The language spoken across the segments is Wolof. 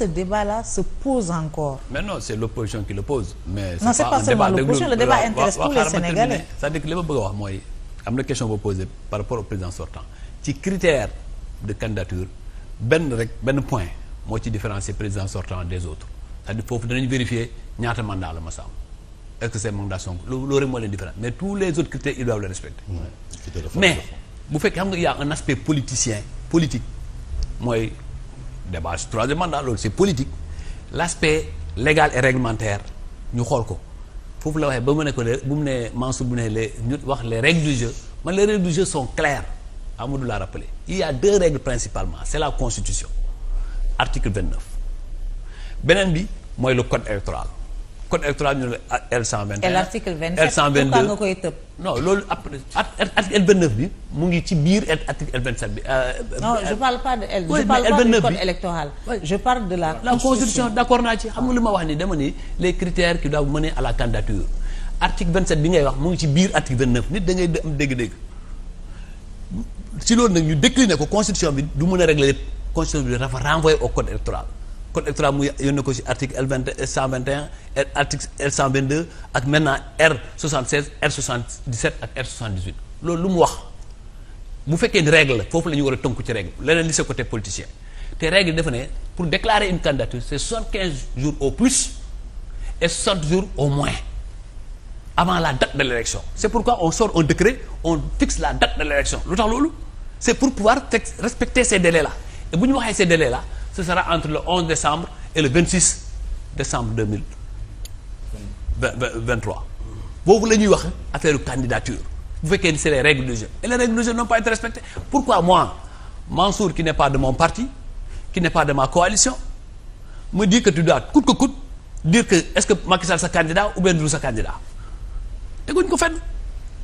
ce débat-là se pose encore. mais non c'est l'opposition qui le pose. mais c'est non, pas, pas un débat de l'opposition ci critère de candidature benn rek benn point moo ci différencier président sortant des autres c'est-à-dire foofu danañ vérifier ñaata mandat la ma sàmm est-ce que c'est mandat Sonko loolu rek moo leen mais les autres critères ils doivent le respecter. mais bu fekkee xam nga y a un aspect politicien politique mooy. débat sur troisième mandat loolu c'est politique l'aspect légal et réglementaire ñu xool ko foofu la waxee ba mu ne ko bu mu ne Mansour bu ne les ñu wax le règles du jeu man les règles du jeu sont claires Amadou l'a rappelé il y a deux règles principalement c'est la constitution article 29 beneen bi mooy le code électoral code électoral ñu ne ah, L 121. et l' bi mu ngi ci biir article L bi. Euh, non je parle pas de L. de la. la constitution d' accord naa ci xam nga li ma wax ni dama ni les critères qui doivent mener à la candidature. article 27 bi ngay wax mu ngi ci biir article 29 nit da dégg-dégg si loolu nag ñu décliné ko constitution bi du mën a régler lépp constitution bi dafa renvoyé au code électoral. code électoral mu yónnee ko ci article L vingt cent vingt et un L article L cent vingt deux ak maintenant R soixante seize R soixante dix sept ak R soixante dix huit loolu lu mu wax bu fekkee ni règle la foofu la ñu war a tënku ci règle leneen li sa côté politicien te règle dafa ne pour déclarer une candidature c' est soixante quinze jours au plus et soixante jours au moins avant la date de l' élection c' est pourquoi on sort un décret on fixe la date de l' lu tax loolu c' est pour pouvoir respecter ces délais là bu ñu waxee ces délais là ce sera entre le 11 décembre et le 26 décembre 2023 boobu la ñuy wax affaire candidature bu fekkee ni c'est les de du jeu et les règles du jeu n'ont pas été respectées pourquoi moi Mansour qui n'est pas de mon parti ki n'est pas de ma coalition me dit que tu dois coûte que coûte dire que est-ce que Macky Sall sa candidat ou bien du sa candidat teguñ ko fenn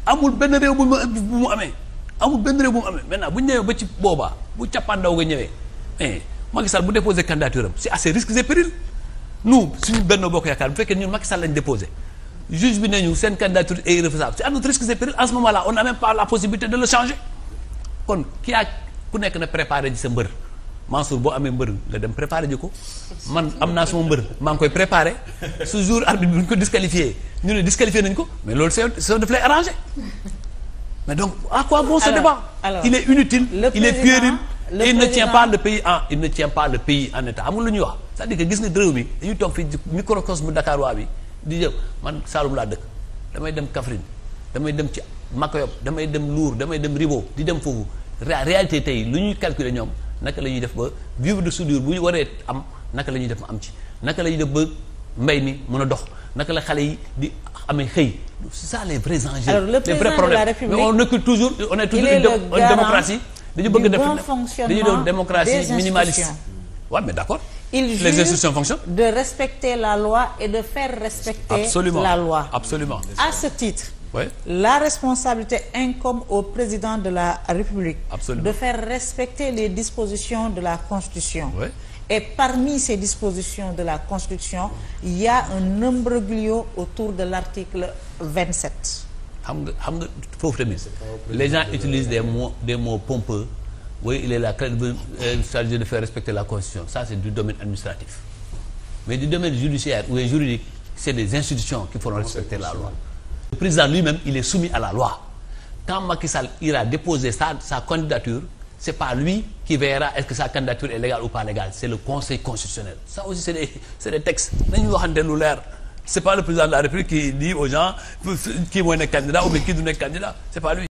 amul benn réew bu mu amee amul benn réew bu mu amee maintenant bu ñu ñëwee ba ci boobaa bu cappandaw nga ñëwee Macky Sall bu déposé candidature am c'est assez risques et périls nous suñu Benno Bokk Yaakaar bu fekkee ñun Macky Sall nekk na préparé ji sa mbër boo amee mbër nga dem préparé ji ko man am naa sama mbër maa ngi koy préparé su jour arbitre bi bu ñu ko disqualifié ñu ne disqualifié nañ ko mais loolu c'est ça daf lay arrangé mais donc à quoi bon ce débat il est inutile il est puéril il ne tient pas le pays en il ne tient pas le pays en état amul lu ñuy wax cest à gis nga réew mi dañuy toog fii microcosme Dakar waa bi di jëm man Saalum laa dëkk damay dem Kaffrine damay dem ci Makoyob damay dem luur damay dem Ribo di dem foofu réalité tey lu ñuy calculer ñoom naka la ñuy def ba vivre de soudure bu ñu waree am naka la ñuy def ma am ci naka la def ba mbay mi mun a dox naka la xale yi di amee xëy c'est ça les vrais enjeux. alors le président de la République dañu bëgg def dañu doon démocratie minimaliste waaw mais d'accord la loi et faire respecter absolument, la loi absolument à la responsabilité incombe au président de la République absolument. de faire respecter les dispositions de la Constitution et parmi ces dispositions de la Constitution il y a un imbroglio autour de l'article 27 xam nga xam nga foofu tamit les gens utilisent des mots pompeux il est la sa euh, chargé de faire respecter la constitution ça c'est du domaine administratif mais du domaine judiciaire ou juridique c'est des institutions qui feront respecter la loi le président lui-même il est soumis à la loi quand Macky ira déposer sa sa candidature c'est pas lui qui verra est-ce que sa candidature est légale ou pas légale c'est le conseil constitutionnel ça aussi c'est pas le président de la République qui dit aux gens kii mooy nekk candidat ou bien kii du nekk candidat c'est pas lui